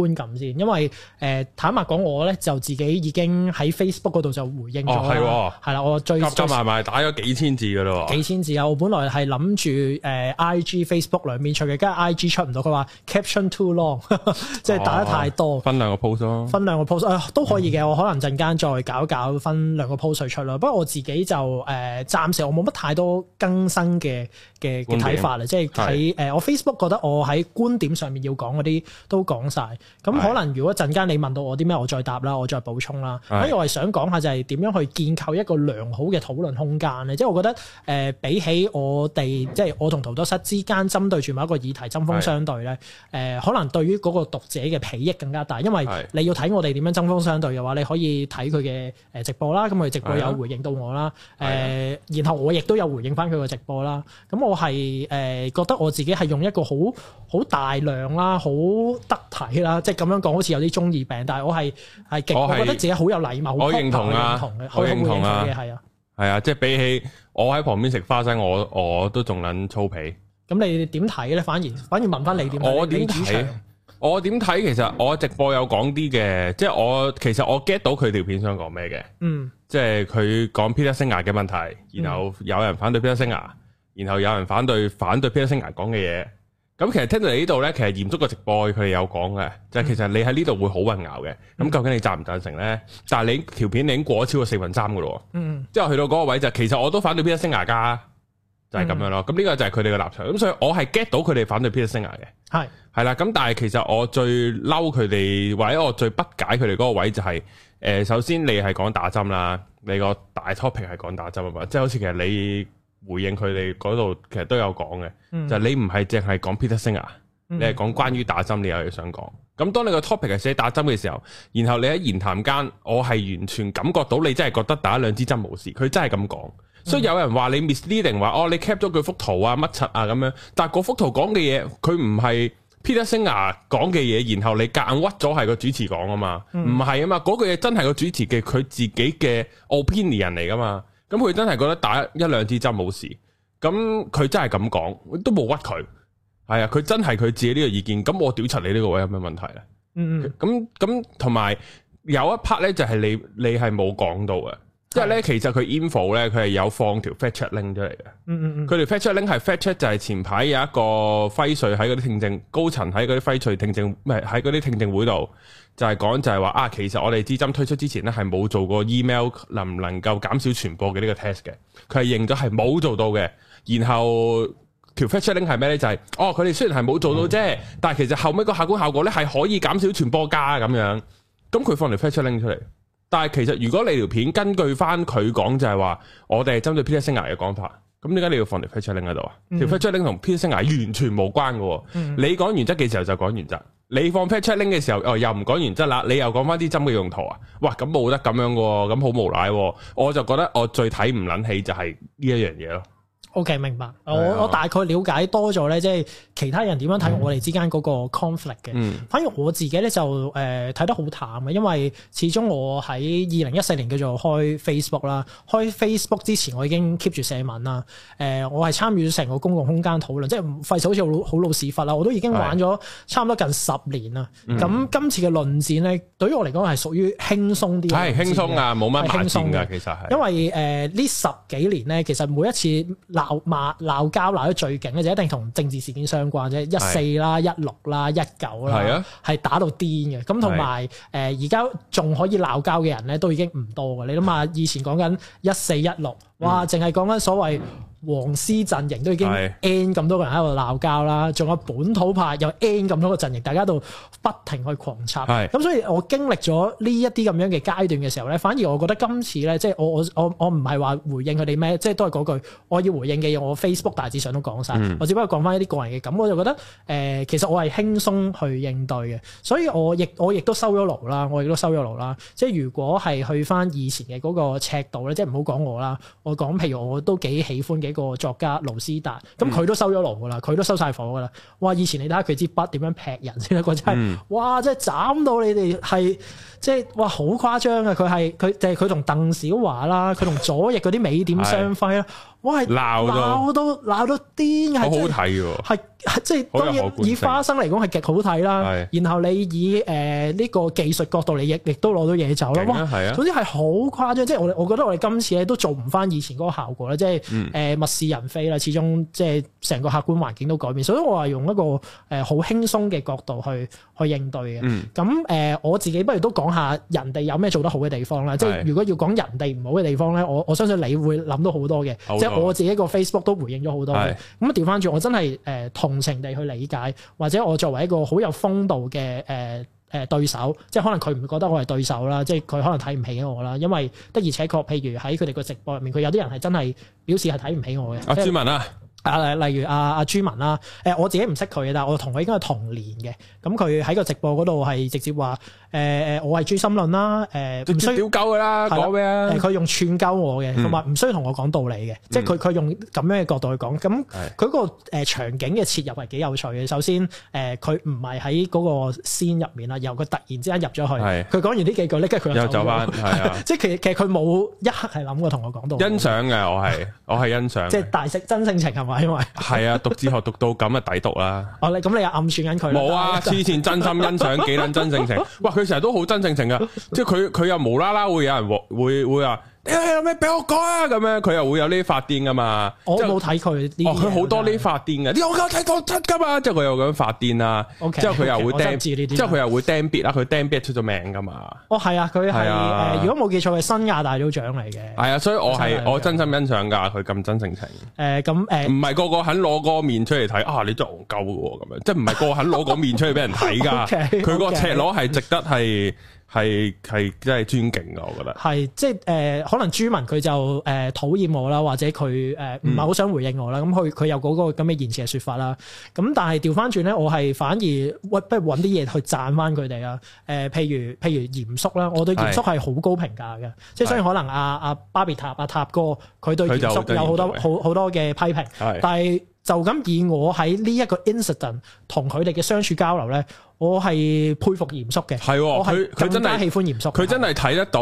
觀感先，因為誒，坦白講，我咧就自己已經喺 Facebook 嗰度就回應咗啦。係，係啦，我最夾埋埋打咗幾千字噶咯。幾千字啊！我本來係諗住誒，IG、Facebook 兩邊出嘅，跟住 IG 出唔到，佢話 caption too long，即係打得太多。分兩個 post 咯。分兩個 post 誒，都可以嘅。我可能陣間再搞搞，分兩個 post 出咯。不過我自己就誒，暫時我冇乜太多更新嘅嘅嘅睇法啦。即係喺誒，我 Facebook 覺得我喺觀點上面要講嗰啲都講晒。咁可能如果一陣間你問到我啲咩，我再答啦，我再補充啦。所以的我係想講下就係點樣去建構一個良好嘅討論空間咧？即、就、係、是、我覺得誒、呃，比起我哋即係我同荼毒室之間針對住某一個議題針鋒相對咧，誒的、呃，可能對於嗰個讀者嘅裨益更加大，因為你要睇我哋點樣針鋒相對嘅話，你可以睇佢嘅誒直播啦。咁佢直播有回應到我啦，誒的、呃，然後我亦都有回應翻佢嘅直播啦。咁我係誒、呃、覺得我自己係用一個好好大量啦，好得。啦，即係咁樣講，好似有啲中二病，但係我係係極，我，是我覺得自己好有禮貌，我認同啊，同嘅，我認同啊，係啊，係啊，即係、就是、比起我喺旁邊食花生，我我都仲撚粗皮。咁你點睇咧？反而反而問翻你點？我點睇？我點睇？其實我直播有講啲嘅，即係我其實我 get 到佢條片想講咩嘅。嗯。即係佢講 Peter Singer 嘅問題，然後有人反對 Peter Singer，然後有人反對反對 Peter Singer 講嘅嘢。咁其實聽到你呢度咧，其實嚴肅個直播佢哋有講嘅，就係、是、其實你喺呢度會好混淆嘅。咁、嗯、究竟你贊唔贊成咧？但係你條片你已經過咗超過四分三嘅咯。嗯之後去到嗰個位就是、其實我都反對 PISA 升牙噶，就係、是、咁樣咯。咁呢、嗯、個就係佢哋嘅立場。咁所以我係 get 到佢哋反對 PISA 升牙嘅，係係啦。咁但係其實我最嬲佢哋，或者我最不解佢哋嗰個位就係、是，誒、呃，首先你係講打針啦，你個大 topic 係講打針啊嘛，即、就、係、是、好似其實你。回應佢哋嗰度，其實都有講嘅，嗯、就係你唔係淨係講 Peter Singer，嗯、你係講關於打針，嗯、你有嘢想講。咁當你個 topic 係寫打針嘅時候，然後你喺言談間，我係完全感覺到你真係覺得打兩支針無事，佢真係咁講。嗯、所以有人話你 misleading，話哦你 kept 咗佢幅圖啊乜柒啊咁樣，但係幅圖講嘅嘢，佢唔係 Peter Singer 講嘅嘢，然後你夾硬屈咗係個主持講啊嘛，唔係啊嘛，嗰句嘢真係個主持嘅佢自己嘅 opinion 嚟噶嘛。咁佢真係覺得打一兩支針冇事，咁佢真係咁講，都冇屈佢，係啊，佢真係佢自己呢個意見，咁我屌柒你呢個位有咩問題咧？嗯嗯，咁咁同埋有一 part 咧，的就係你你係冇講到嘅，即係咧，其實佢 info 咧，佢係有放條 fetch link 出嚟嘅。嗯嗯嗯，佢條 fetch link 係 fetch 就係前排有一個輝瑞喺嗰啲聽證，高層喺嗰啲輝瑞聽證，唔係喺嗰啲聽證會度。就係講就係話啊，其實我哋支針推出之前咧，係冇做過 email 能唔能夠減少傳播嘅呢個 test 嘅，佢係認咗係冇做到嘅。然後條 fashioning 係咩咧？就係、是、哦，佢哋雖然係冇做到啫，嗯、但係其實後尾個客觀效果效果咧係可以減少傳播加咁樣。咁佢放條 fashioning 出嚟，但係其實如果你條片根據返佢講就，就係話我哋係針對 Peter Singer 嘅講法。咁點解你要放條 fisherling 喺度啊？條 fisherling 同偏升牙完全無關噶。Mm. 你講原則嘅時候就講原則，你放 fisherling 嘅時候，哦又唔講原則啦，你又講翻啲針嘅用途啊？哇，咁冇得咁樣噶、啊，咁好無賴、啊。我就覺得我最睇唔捻起就係呢一樣嘢咯。O.K. 明白，我我大概了解多咗咧，即係其他人點樣睇、嗯、我哋之間嗰個 conflict 嘅。嗯、反而我自己咧就誒睇、呃、得好淡嘅，因為始終我喺二零一四年叫做開 Facebook 啦，開 Facebook 之前我已經 keep 住寫文啦。誒、呃，我係參與咗成個公共空間討論，即係費事好似好好老屎忽啦，我都已經玩咗差唔多近十年啦。咁、嗯、今次嘅論戰咧，對於我嚟講係屬於輕鬆啲，係輕鬆啊，冇乜煩躁嘅，其實係因為誒呢、呃、十幾年咧，其實每一次。鬧罵鬧交鬧到最勁嘅就一定同政治事件相關啫，一四啦、一六啦、一九啦，係啊，係打到癲嘅。咁同埋誒，而家仲可以鬧交嘅人咧，都已經唔多嘅。你諗下，以前講緊一四一六，哇，淨係講緊所謂，黃絲陣營都已經 n 咁多個人喺度鬧交啦，仲有本土派又 n 咁多個陣營，大家喺度不停去狂插，咁是的 所以我經歷咗呢一啲咁樣嘅階段嘅時候咧，反而我覺得今次咧，即係我我我唔係話回應佢哋咩，即係都係嗰句我要回應嘅嘢，我 Facebook 大致上都講晒，嗯、我只不過講翻一啲個人嘅，咁我就覺得誒、呃，其實我係輕鬆去應對嘅，所以我亦我亦都收咗爐啦，我亦都收咗爐啦，即係如果係去翻以前嘅嗰個尺度咧，即係唔好講我啦，我講譬如我都幾喜歡嘅。呢個作家盧斯達，咁佢都收咗爐噶啦，佢都收晒火噶啦。哇！以前你睇下佢支筆點樣劈人先得，真係哇，即係斬到你哋係。即係哇，好誇張啊！佢係佢就係佢同鄧小華啦，佢同左翼嗰啲美點雙輝啦，哇！鬧鬧到鬧到癲，好好睇喎，係即係當然以花生嚟講係極好睇啦。然後你以誒呢個技術角度，你亦亦都攞到嘢走啦。係啊，啊，總之係好誇張。即係我我覺得我哋今次咧都做唔翻以前嗰個效果啦。即係誒物是人非啦，始終即係成個客觀環境都改變。所以我係用一個誒好輕鬆嘅角度去。去應對嘅，咁誒、嗯呃、我自己不如都講下人哋有咩做得好嘅地方啦。即係的如果要講人哋唔好嘅地方咧，我我相信你會諗到好多的嘅。即係我自己個 Facebook 都回應咗好多嘅。咁啊調翻轉，我真係誒、呃、同情地去理解，或者我作為一個好有風度嘅誒誒對手，即係可能佢唔覺得我係對手啦，即係佢可能睇唔起我啦，因為的而且確，譬如喺佢哋個直播入面，佢有啲人係真係表示係睇唔起我嘅。阿朱、啊、文啊。啊，例如阿阿豬文啦，誒我自己唔識佢嘅，但係我同佢應該係同年嘅，咁佢喺個直播嗰度係直接話，誒誒我係誅心論啦，誒唔需要鳩嘅啦，講咩啊？佢用串鳩我嘅，同埋唔需要同我講道理嘅，即係佢佢用咁樣嘅角度去講，咁佢個誒場景嘅切入係幾有趣嘅。首先誒佢唔係喺嗰個線入面啦，由佢突然之間入咗去，佢講完呢幾句，呢跟住佢又走翻，即係其實其實佢冇一刻係諗過同我講道理嘅，欣賞嘅我係我係欣賞，即係大性真性情係嘛？係啊，讀哲學讀到咁啊，抵讀啦！哦，你咁你又暗算緊佢？冇啊，黐線，真心欣賞幾撚真性情。哇，佢成日都好真性情噶，即係佢佢又無啦啦會有人獲，會會有咩俾我講啊？咁樣佢又會有呢啲發癲噶嘛？我冇睇佢。哦，佢好多呢啲發癲嘅。你我有睇過出金嘛？即係佢又咁樣發癲啊。O K。即係佢又會掟字呢啲。即係佢又會掟 B 啦。佢掟 B 出咗名噶嘛？哦，係啊，佢係誒，如果冇記錯，係新亞大組長嚟嘅。係啊，所以我係我真心欣賞噶，佢咁真性情。誒，咁誒，唔係個個肯攞個面出嚟睇啊？你作戇鳩咁樣，即係唔係個個肯攞個面出去俾人睇噶？佢個赤裸係值得係。係係真係尊敬噶，我覺得。係即係誒、呃，可能豬文佢就誒、呃、討厭我啦，或者佢誒唔係好想回應我啦。咁佢佢有、那個嗰個咁嘅言辭嘅説法啦。咁但係調翻轉咧，我係反而不如揾啲嘢去讚翻佢哋啊。誒、呃，譬如譬如鹽叔啦，我對鹽叔係好高評價嘅。是 即係雖然可能阿、啊、阿、啊、巴比塔阿、啊、塔哥佢對鹽叔有好多好好、嗯、多嘅批評，但係。就咁以我喺呢一個 incident 同佢哋嘅相處交流咧，我係佩服鹽叔嘅。係，佢佢真係喜歡鹽叔，哦，佢真係睇得到。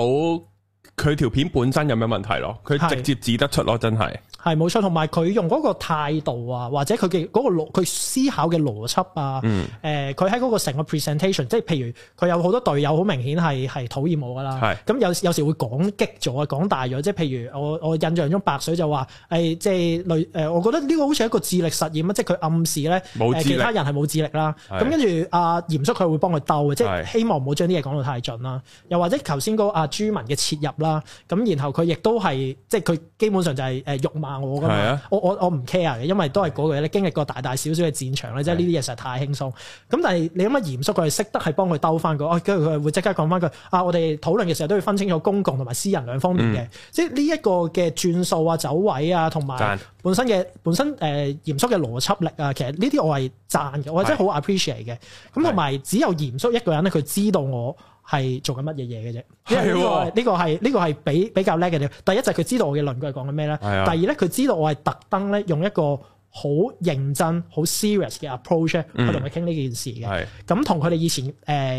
佢條片本身有咩問題咯？佢直接指得出咯，真係係冇錯。同埋佢用嗰個態度啊，或者佢嘅嗰個邏佢思考嘅邏輯啊，誒、嗯，佢喺嗰個成個 presentation，即係譬如佢有好多隊友好明顯係係討厭我噶啦。咁是有時有時會講激咗，啊，講大咗。即係譬如我我印象中白水就話、是、係、哎、即係類誒，我覺得呢個好似一個智力實驗啊！即係佢暗示咧、呃、其他人係冇智力啦。咁是跟住阿、啊、嚴叔佢會幫佢兜嘅，即係希望唔好將啲嘢講到太盡啦。又或者頭先嗰個阿豬文嘅切入啦。咁然後佢亦都係，即係佢基本上就係誒辱罵我噶嘛是、啊。我我我唔 care 嘅，因為都係嗰個嘢咧。經歷過大大小小嘅戰場咧，即係呢啲嘢實在太輕鬆。咁但係你諗下嚴肅，佢係識得係幫佢兜翻佢。跟住佢會即刻講翻佢啊！我哋討論嘅時候都要分清楚公共同埋私人兩方面嘅。嗯、即係呢一個嘅轉數啊、走位啊，同埋本身嘅本身誒、呃、嚴肅嘅邏輯力啊。其實呢啲我係讚嘅，是 我真係好 appreciate 嘅。咁同埋只有嚴肅一個人咧，佢知道我，係做緊乜嘢嘢嘅啫？呢、呢個呢是、哦、個係呢、呢個係比比較叻嘅。第一就係佢知道我嘅論據係講緊咩咧。是啊、第二咧，佢知道我係特登咧用一個。好認真、好 serious 嘅 approach 去同佢傾呢件事嘅。係。咁同佢哋以前誒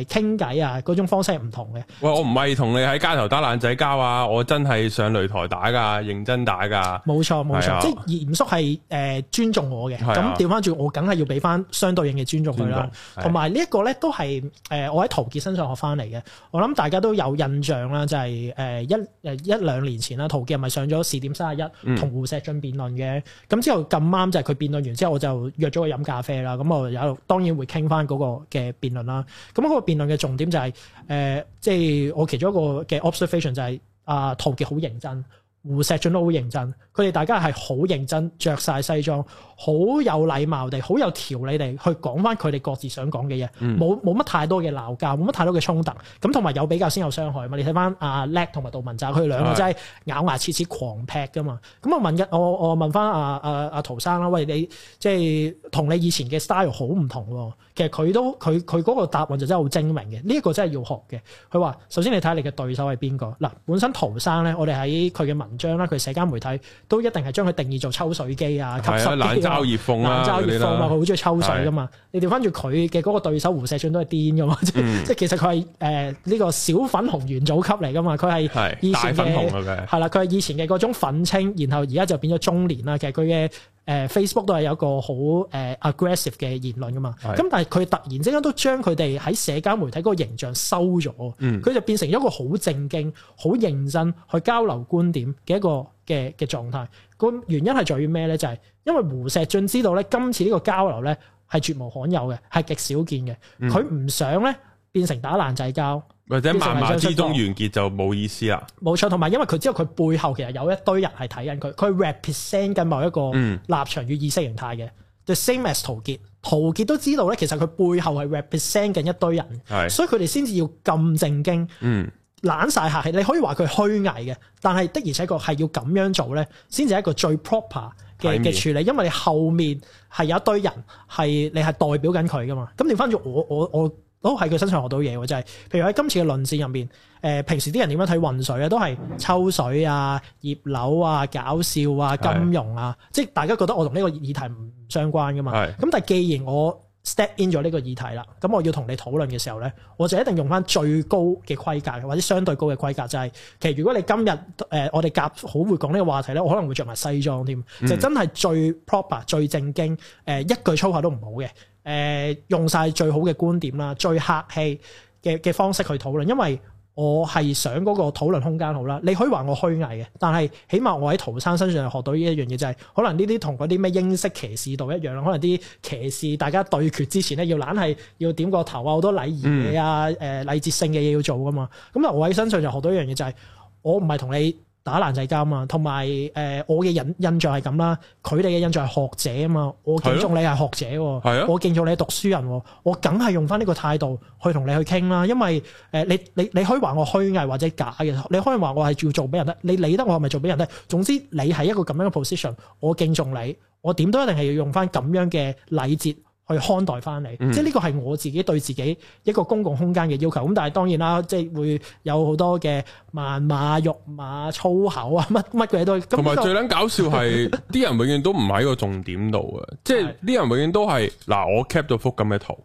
傾偈啊嗰種方式係唔同嘅。喂，我唔係同你喺街頭打爛仔交啊！我真係上擂台打㗎，認真打㗎。冇錯，冇錯，啊、即係嚴肅係誒尊重我嘅。咁調翻轉，我梗係要俾翻相對應嘅尊重佢啦。同埋、啊、呢一個咧，都係誒、呃、我喺陶傑身上學翻嚟嘅。我諗大家都有印象啦，就係、是、誒、呃、一誒一,一,一兩年前啦，陶傑係咪上咗視點三十一同胡錫進辯論嘅。咁、嗯、之後咁啱就係。佢辯論完之後，我就約咗佢飲咖啡啦。咁我有當然會傾翻嗰個嘅辯論啦。咁嗰個辯論嘅重點就係、是，誒、呃，即、就、係、是、我其中一個嘅 observation 就係、是，阿、啊、陶傑好認真。胡錫進都好認真，佢哋大家係好認真，着晒西裝，好有禮貌地，好有條理地去講翻佢哋各自想講嘅嘢，冇冇乜太多嘅鬧交，冇乜太多嘅衝突，咁同埋有比較先有傷害嘛？你睇翻阿叻同埋杜汶澤，佢哋兩個真係咬牙切齒狂劈㗎嘛！咁我問嘅，我我問翻阿阿阿陶生啦，喂，你即係同你以前嘅 style 好唔同喎，其實佢都佢佢嗰個答案就真係好精明嘅，呢一個真係要學嘅。佢話：首先你睇下你嘅對手係邊個嗱，本身陶生咧，我哋喺佢嘅文。文章啦，佢社交媒體都一定係將佢定義做抽水機啊，吸收機啊，冷嘲熱諷啊，啊，佢好中意抽水噶嘛。的你調翻住佢嘅嗰個對手胡錫進都係癲噶嘛，即係的其實佢係誒呢個小粉紅元祖級嚟噶嘛，佢係以前嘅粉紅係啦，佢係、啊、的以前嘅嗰種憤青，然後而家就變咗中年啦。其實佢嘅誒 Facebook 都係有一個好誒、呃、aggressive 嘅言論噶嘛。咁的但係佢突然之間都將佢哋喺社交媒體嗰個形象收咗，佢的的就變成一個好正經、好認真去交流觀點嘅一個嘅嘅狀態，個原因係在於咩咧？就係、是、因為胡石俊知道咧，今次呢個交流咧係絕無罕有嘅，係極少見嘅。佢唔、嗯、想咧變成打爛仔交，或者慢慢之中完結就冇意思啦。冇錯，同埋因為佢知道佢背後其實有一堆人係睇緊佢，佢 represent 緊某一個立場與意識形態嘅。嗯、The same as 陶傑，陶傑都知道咧，其實佢背後係 represent 緊一堆人，係所以佢哋先至要咁正經。嗯。懶晒客氣，你可以話佢虛偽嘅，但係的而且確係要咁樣做咧，先至係一個最 proper 嘅嘅處理，明因為你後面係有一堆人係你係代表緊佢噶嘛。咁你翻轉我我我，我都喺佢身上學到嘢喎，就係、是、譬如喺今次嘅論戰入面，誒、呃、平時啲人點樣睇渾水啊，都係抽水啊、葉柳啊、搞笑啊、金融啊，是即係大家覺得我同呢個議題唔相關噶嘛。咁是但係既然我 Step in 咗呢個議題啦，咁我要同你討論嘅時候呢，我就一定用翻最高嘅規格，或者相對高嘅規格，就係、是、其實如果你今日誒、呃、我哋夾好會講呢個話題呢，我可能會着埋西裝添，就、嗯、真係最 proper 最正經誒、呃，一句粗口都唔好嘅誒、呃，用晒最好嘅觀點啦，最客氣嘅嘅方式去討論，因為，我係想嗰個討論空間好啦，你可以話我虛偽嘅，但係起碼我喺陶生身上學到呢一樣嘢、就是，就係可能呢啲同嗰啲咩英式騎士道一樣，可能啲騎士大家對決之前咧，要懶係要點個頭啊，好多禮儀嘢啊，誒、呃、禮節性嘅嘢要做噶嘛，咁、嗯嗯、我喺身上就學到一樣嘢、就是，就係我唔係同你。打爛仔交啊，同埋誒我嘅印印象係咁啦，佢哋嘅印象係學者啊嘛，我敬重你係學者喎，的我敬重你係讀書人，的我梗係用翻呢個態度去同你去傾啦，因為誒、呃、你你你可以話我虛偽或者假嘅，你可以話我係要做俾人得，你理得我係咪做俾人得？總之你係一個咁樣嘅 position，我敬重你，我點都一定係要用翻咁樣嘅禮節。去看待翻你，嗯、即係呢個係我自己對自己一個公共空間嘅要求。咁但係當然啦，即係會有好多嘅謾罵、辱罵、粗口啊，乜乜嘢都。同埋、這個、最撚搞笑係啲 人永遠都唔喺個重點度嘅，的即係啲人永遠都係嗱，我 kept 咗幅咁嘅圖，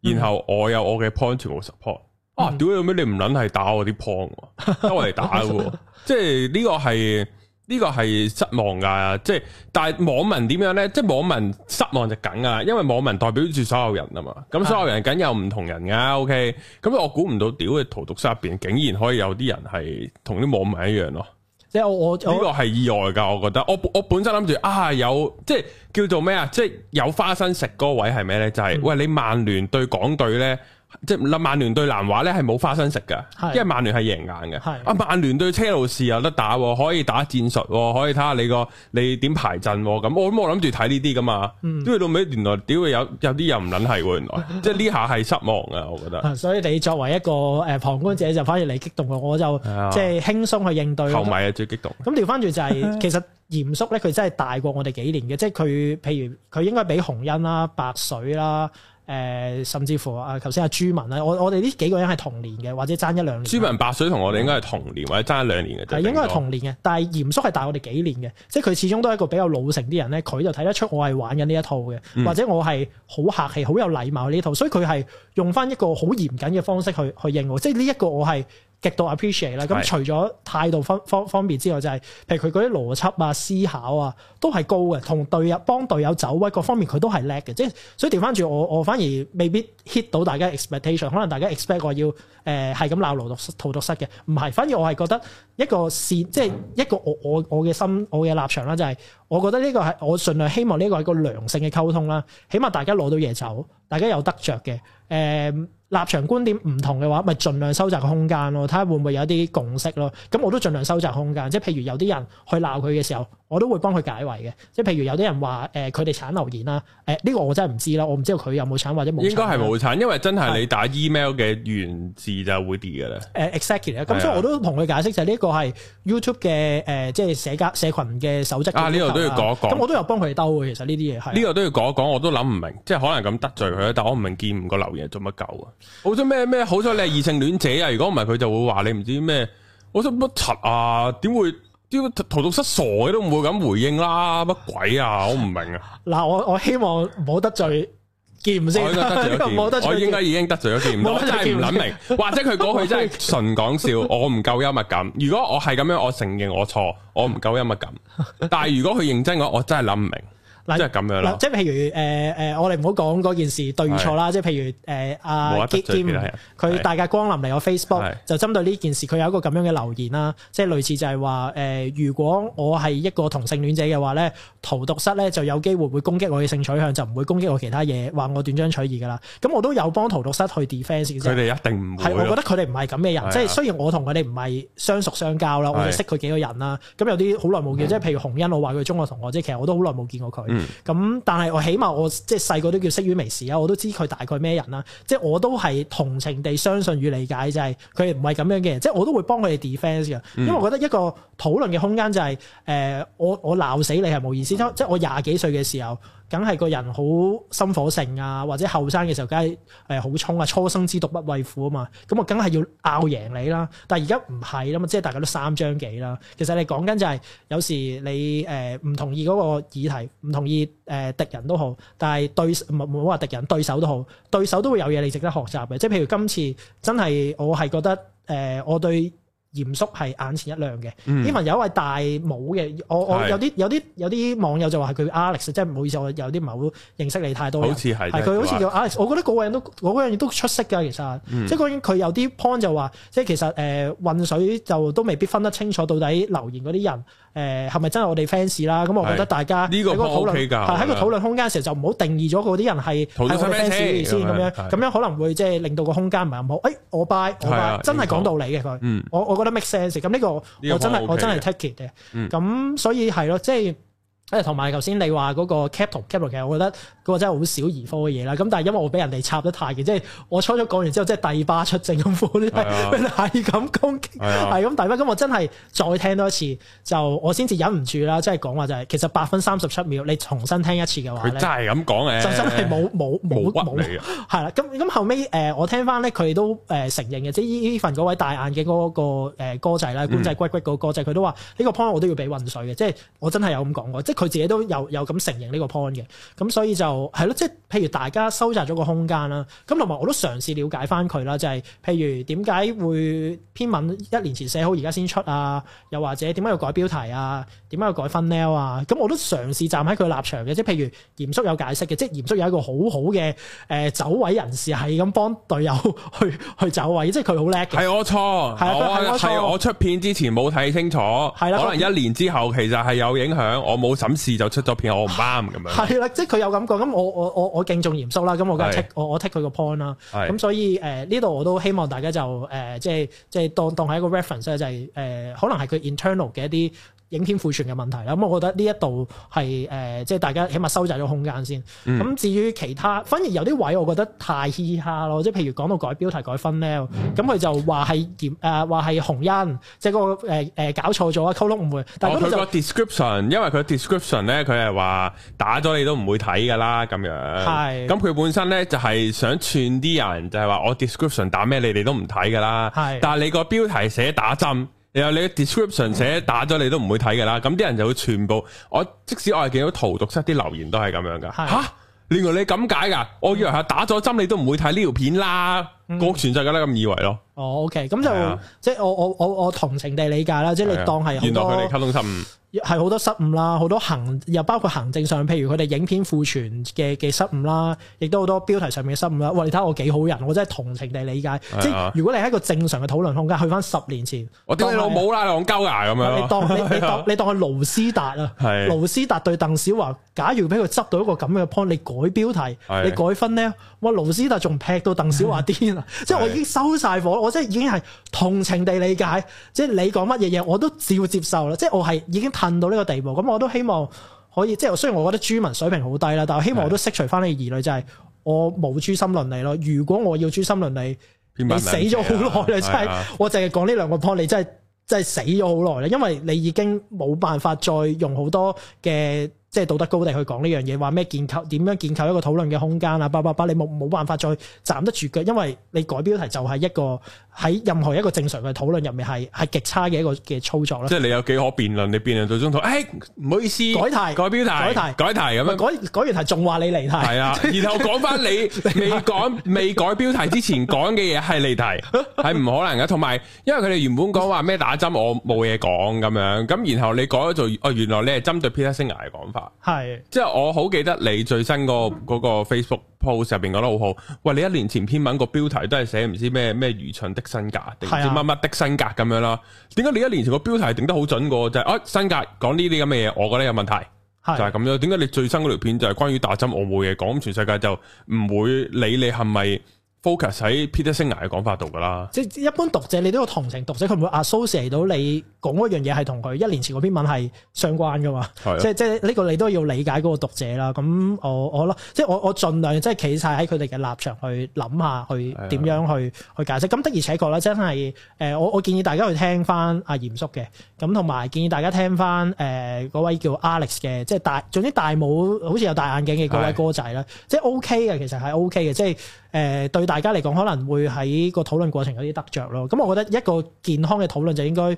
然後我有我嘅 point 全部 support。嗯、啊，屌你做咩？你唔撚係打我啲 point，都我嚟打嘅。 即係呢個係。呢個係失望噶，即係但係網民點樣呢？即係網民失望就梗啊，因為網民代表住所有人啊嘛。咁所有人梗有唔同人噶的，OK？咁我估唔到屌，屌嘅荼毒室入邊竟然可以有啲人係同啲網民一樣咯。即係我呢個係意外噶，我覺得我我本身諗住啊有即係叫做咩啊？即係有花生食嗰位係咩呢？就係、是嗯、喂，你曼聯對港隊呢。即係曼聯對南華咧，係冇花生食噶因為曼聯係贏硬嘅。係啊，曼聯對車路士有得打，可以打戰術，可以睇下你個你點排陣咁。我冇我諗住睇呢啲噶嘛，到尾，嗯、原來屌有有啲又唔撚係喎，原來，原來 即係呢下係失望啊！我覺得。所以你作為一個誒旁觀者就反而你激動咯，我就即係輕鬆去應對。球迷係最激動。咁調翻轉就係、是， 其實嚴叔咧佢真係大過我哋幾年嘅，即係佢譬如佢應該比洪恩啦、白水啦。誒、呃，甚至乎啊，頭先阿豬文咧，我我哋呢幾個人係同年嘅，或者爭一兩年。豬文白水同我哋應該係同年，或者爭一兩年嘅，係應該係同年嘅。但係鹽叔係大我哋幾年嘅，即係佢始終都係一個比較老成啲人咧。佢就睇得出我係玩緊呢一套嘅，或者我係好客氣、好有禮貌呢一套，所以佢係用返一個好嚴謹嘅方式去去認我。即係呢一個我係，極度 appreciate 啦，咁除咗態度方方方面之外，就係是譬如佢嗰啲邏輯啊、思考啊，都係高嘅，同隊友幫隊友走位各方面，佢都係叻嘅。即係所以調翻轉，我我反而未必 hit 到大家 expectation，可能大家 expect 我要誒係咁鬧荼毒室、荼毒室嘅，唔係。反而我係覺得一個線，即、就、係、是、一個我我我嘅心、我嘅立場啦、就是，就係我覺得呢個係我儘量希望呢個係個良性嘅溝通啦。起碼大家攞到嘢走，大家有得着嘅誒。呃立場觀點唔同嘅話，咪盡量收窄個空間咯，睇下會唔會有啲共識咯。咁我都盡量收窄空間，即係譬如有啲人去鬧佢嘅時候，我都會幫佢解圍嘅。即係譬如有啲人話誒，佢哋鏟留言啦，誒呢個我真係唔知啦，我唔知道佢有冇鏟或者冇。應該係冇鏟，因為真係你打 email 嘅原字就會跌嘅啦。誒，exactly 啦，咁所以我都同佢解釋就係呢個係 YouTube 嘅誒，即係社交社群嘅守則。啊，呢度都要講一講。咁我都有幫佢哋兜嘅，其實呢啲嘢係。呢個都要講一講，我都諗唔明，即係可能咁得罪佢咧，但係我唔明見唔個留言做乜鳩啊？好彩咩咩，好彩你係異性戀者啊！如果唔係，佢就會話你唔知咩。我想乜柒啊？點會啲荼毒室傻嘅都唔會咁回應啦？乜鬼啊？我唔明啊！嗱，我我希望唔好得罪劍，唔好得罪。得罪我應該已經得罪咗劍。我，我真係諗唔明， 或者佢嗰句真係純講笑，我唔夠幽默感。如果我係咁樣，我承認我錯，我唔夠幽默感。但係如果佢認真講，我真係諗唔明。即係咁樣啦，即係譬如誒誒、呃呃，我哋唔好講嗰件事對與錯啦，即係的譬如誒阿傑傑，佢、呃、大駕光臨嚟我 Facebook，的就針對呢件事，佢有一個咁樣嘅留言啦，即係類似就係話誒，如果我係一個同性戀者嘅話咧。荼毒室咧就有機會會攻擊我嘅性取向，就唔會攻擊我其他嘢，話我斷章取義噶啦。咁我都有幫荼毒室去 defense。佢哋一定唔係，我覺得佢哋唔係咁嘅人。的即係雖然我同佢哋唔係相熟相交啦，我哋識佢幾個人啦。咁的有啲好耐冇見，即係譬如洪欣，我話佢中學同學啫。即其實我都好耐冇見過佢。咁、嗯、但係我起碼我即係細個都叫識於微時啊，我都知佢大概咩人啦。即係我都係同情地相信與理解就係佢哋唔係咁樣嘅人。即係我都會幫佢哋 defense 嘅、嗯，因為我覺得一個討論嘅空間就係、是、誒、呃、我我鬧死你係冇意思。即係我廿幾歲嘅時候，梗係個人好心火性啊，或者後生嘅時候，梗係誒好衝啊，初生之犢不畏虎啊嘛，咁我梗係要拗贏你啦。但係而家唔係啦嘛，即係大家都三張幾啦。其實你講緊就係，有時你誒唔、呃、同意嗰個議題，唔同意誒、呃、敵人都好，但係對唔，唔好話敵人對手都好，對手都會有嘢你值得學習嘅。即係譬如今次真係我係覺得誒、呃，我對。嚴肅係眼前一亮嘅，依文有一位大帽嘅，我我有啲有啲有啲網友就話係佢 Alex。即唔好意思，我有啲唔係好認識你太多。好似係，係佢好似叫 Alex，我覺得個人都、嗰個人都出色㗎，其實、嗯、即係當然佢有啲 point 就話，即係其實誒、呃、渾水就都未必分得清楚到底留言嗰啲人。誒係咪真係我哋 fans 啦？咁我覺得大家呢個討論，喺、這個、個討論空間嘅時候就唔好定義咗嗰啲人係係個 fans 先咁樣，咁樣可能會即係令到個空間唔係咁好。誒、欸，我 buy 我 buy 真係講道理嘅佢，嗯、我我覺得 make sense。咁呢個我真係我真係 take it 嘅、嗯。咁所以係咯，即、就、係、是。誒同埋頭先你話嗰個 capital, capital 其實我覺得嗰個真係好小兒科嘅嘢啦，咁但係因為我俾人哋插得太嘅，即係我初初講完之後，即係遞巴出證咁款，係咁的 攻擊，係咁遞巴，咁的我真係再聽多一次，就我先至忍唔住啦，即係講話就係其實八分三十七秒，你重新聽一次嘅話真係咁講嘅，就真心係冇冇冇冇，係啦的，咁咁後尾誒我聽翻咧，佢都誒承認嘅，即係呢份嗰位戴眼鏡嗰個歌仔咧，官仔骨骨嗰個歌仔，佢都話呢個 point 我都要俾渾水嘅，即係我真係有咁講過，佢自己都有有咁承認呢個 point 嘅，咁所以就係咯，即係譬如大家收窄咗個空間啦，咁同埋我都嘗試了解翻佢啦，就係、是、譬如點解會篇文一年前寫好而家先出啊，又或者點解要改標題啊，點解要改分類啊，咁我都嘗試站喺佢立場嘅，即係譬如鹽叔有解釋嘅，即係鹽叔有一個好好嘅誒走位人士，係咁幫隊友去去走位，即係佢好叻嘅。係我錯，係是我係是我，我出片之前冇睇清楚，的可能一年之後其實係有影響，我冇的。審視就出咗片，我唔啱咁樣。係啦，即係佢有感覺，咁我我我我敬重嚴肅啦，咁我梗係 take 我我 take 佢個 point 啦的。咁所以誒呢度我都希望大家就誒即係即係當當係一個 reference 啊，就係、是、誒、呃、可能係佢 internal 嘅一啲。影片庫存嘅問題啦，咁、嗯、我覺得呢一度係誒，即係大家起碼收窄咗空間先。咁、嗯、至於其他，反而有啲位我覺得太嘻哈咯，即係譬如講到改標題改分咧，咁佢、嗯嗯、就話係嫌誒話係紅恩，即係、那個誒誒、呃、搞錯咗，溝通誤會。但係嗰個就 description，哦、因為佢 description 咧，佢係話打咗你都唔會睇噶啦，咁樣。係是。咁佢本身咧就係、是、想串啲人，就係、是、話我 description 打咩你哋都唔睇噶啦。係是。是但係你個標題寫打針。然後你嘅 description 寫打咗你都唔會睇嘅啦，咁啲、嗯、人就會全部，我即使我係見到荼毒室啲留言都係咁樣噶，吓的，原來你咁解噶，我以為係打咗針你都唔會睇呢條片啦。全世界都咁以為咯。哦，OK，咁就即係我我我我同情地理解啦，即係你當係好多佢哋溝通失誤，係好多失誤啦，好多行又包括行政上，譬如佢哋影片庫存嘅嘅失誤啦，亦都好多標題上面嘅失誤啦。喂，你睇我幾好人，我真係同情地理解。即係如果你喺一個正常嘅討論空間，去翻十年前，我屌你老母啦，你講鳩牙咁樣咯。你當你你當你當係盧斯達啊，盧斯達對鄧小華，假如俾佢執到一個咁嘅 point，你改標題，你改分呢？哇，盧斯達仲劈到鄧小華癲即係我已經收晒火，是的 我即係已經係同情地理解，是的 即係你講乜嘢嘢我都照接受啦。是的 即係我係已經褪到呢個地步，咁我都希望可以，即係雖然我覺得豬文水平好低啦，但我希望我都釋除翻啲疑慮，就係我冇誅心論理咯。如果我要誅心論理，你死咗好耐啦，真係是的 我淨係講呢兩個 point，你真係真係死咗好耐啦，因為你已經冇辦法再用好多嘅。即係道德高地去講呢樣嘢，話咩建構點樣建構一個討論嘅空間啊？百百百，你冇冇辦法再站得住腳。因為你改標題就係一個，喺任何一個正常嘅討論入面係係極差嘅一個嘅操作咯。即係你有幾可辯論？你辯論到中途，哎，唔好意思，改題台，改標題，改題台台，改題咁樣。改改完題仲話你離題，係啊。然後講翻你 未講未改標題之前講嘅嘢係離題，係唔可能噶。同埋因為佢哋原本講話咩打針我冇嘢講咁樣，咁然後你改咗做，哦原來你係針對 Peter Singer 嘅講法，係的。即係我好記得你最新個嗰個 Facebook。Post 入邊，講得好好，喂，你一年前篇文個標題都係寫唔知咩咩愚蠢的身格，定唔知乜乜的身格咁樣啦，點解你一年前個標題定得好準嘅就係、是、啊身價講呢啲咁嘅嘢，我覺得有問題，是啊、就係咁樣。點解你最新嗰條片就係關於打針我冇嘢講，全世界就唔會理你係咪？focus 喺 Peter Singer 嘅講法度噶啦，即係一般讀者，你都要同情讀者，佢唔會 associate 到你講嗰樣嘢係同佢一年前個篇文係相關噶嘛？係的。即係即係呢個你都要理解嗰個讀者啦。咁我我咯，即係我我儘量即係企晒喺佢哋嘅立場去諗下去點樣去去的解釋。咁的而且確咧，真係誒，我我建議大家去聽翻阿嚴叔嘅，咁同埋建議大家聽翻誒嗰位叫 Alex 嘅，即係大總之大帽好似有戴眼鏡嘅嗰位哥仔啦，的即係 OK 嘅，其實係 OK 嘅，即係、OK。誒對大家嚟講可能會喺個討論過程有啲得著咯，咁我覺得一個健康嘅討論就應該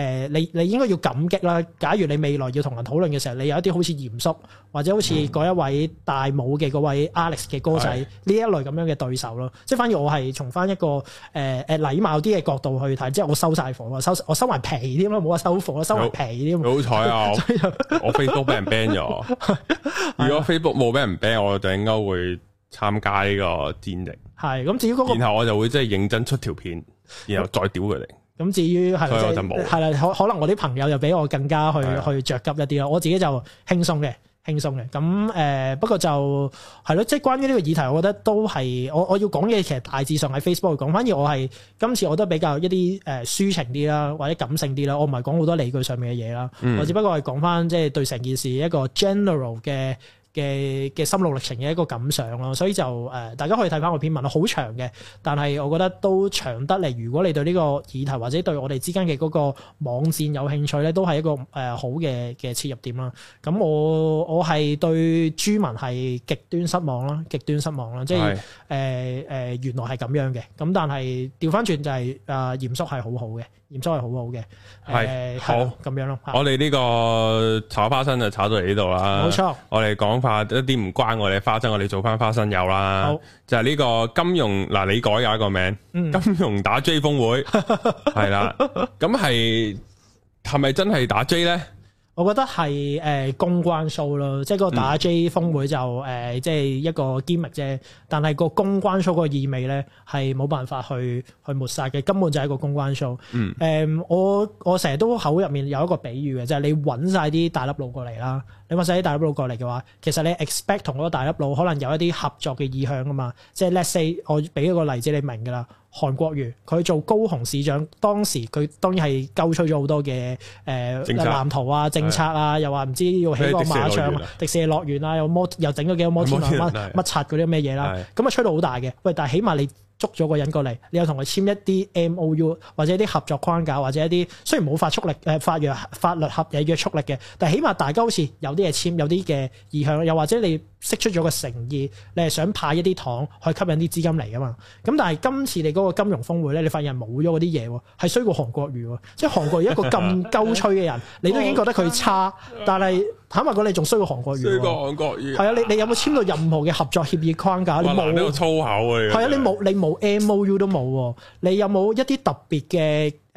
誒你你應該要感激啦。假如你未來要同人討論嘅時候，你有一啲好似鹽叔或者好似嗰一位戴帽嘅嗰位 Alex 嘅歌仔呢一類咁樣嘅對手咯。即係反而我係從翻一個誒誒禮貌啲嘅角度去睇，即係我收曬火，收我收埋皮添咯，唔好話收火，我收埋皮添。好彩啊！我 Facebook 俾人 ban 咗，如果 Facebook 冇俾人 ban，我就應該會。參加呢個戰役，係咁至於、那個、然後我就會即係認真出條片，然後再屌佢哋。咁、嗯、至於係，所以我就冇係啦。可可能我啲朋友又比我更加去的去着急一啲咯。我自己就輕鬆嘅，輕鬆嘅。咁誒、呃，不過就係咯，即係、就是、關於呢個議題，我覺得都係我我要講嘢，其實大致上喺 Facebook 去講。反而我係今次我都比較一啲誒、呃、抒情啲啦，或者感性啲啦。我唔係講好多理據上面嘅嘢啦，嗯、我只不過係講翻即係對成件事一個 general 嘅。嘅嘅心路歷程嘅一個感想咯，所以就誒大家可以睇翻個篇文咯，好長嘅，但係我覺得都長得嚟。如果你對呢個議題或者對我哋之間嘅嗰個網戰有興趣咧，都係一個誒好嘅嘅切入點啦。咁我我係對豬文係極端失望啦，極端失望啦，即係誒誒原來係咁樣嘅。咁但係調翻轉就係誒鹽叔係好好嘅。驗收係好好嘅，係好咁樣咯。我哋呢個炒花生就炒到嚟呢度啦，冇錯。我哋講法一啲唔關我哋花生，我哋做翻花生油啦。好，就係呢個金融嗱，你改咗一個名，金融打 J 峰會係啦。咁係係咪真係打 J 咧？我覺得係誒、呃、公關 show 咯，即係個打 J 峰會就誒、呃、即係一個機密啫，但係個公關 show 個意味咧係冇辦法去去抹殺嘅，根本就係一個公關 show。誒、嗯呃，我我成日都口入面有一個比喻嘅，就係、是、你揾晒啲大粒佬過嚟啦。你話曬啲大粒佬過嚟嘅話，其實你 expect 同嗰個大粒佬可能有一啲合作嘅意向啊嘛，即係 let's say 我俾一個例子你明㗎啦。韓國瑜佢做高雄市長，當時佢當然係鳩吹咗好多嘅誒、呃策呃、藍圖啊、政策啊，又話唔知要起個馬場、迪士，啊、迪士尼樂園啊，又摩又整咗幾多摩天輪啊、乜七嗰啲咩嘢啦，咁啊吹到好大嘅。喂的的，但係起碼你。捉咗個人過嚟，你又同佢簽一啲 MOU 或者一啲合作框架，或者一啲雖然冇法束力誒法、呃、約法律合約約束力嘅，但係起碼大家好似有啲嘢簽，有啲嘅意向，又或者你。釋出咗個誠意，你係想派一啲糖去吸引啲資金嚟㗎嘛？咁但係今次你嗰個金融峰會咧，你發現冇咗嗰啲嘢喎，係衰過韓國瑜喎、啊。即係韓國瑜一個咁鳩吹嘅人， 你都已經覺得佢差，但係坦白講你仲衰過韓國瑜、啊。衰過韓國瑜、啊。係啊，你你有冇簽到任何嘅合作協議框架？哇你冇。粗口啊！係啊，你冇你冇 M O U 都冇。你有冇一啲特別嘅？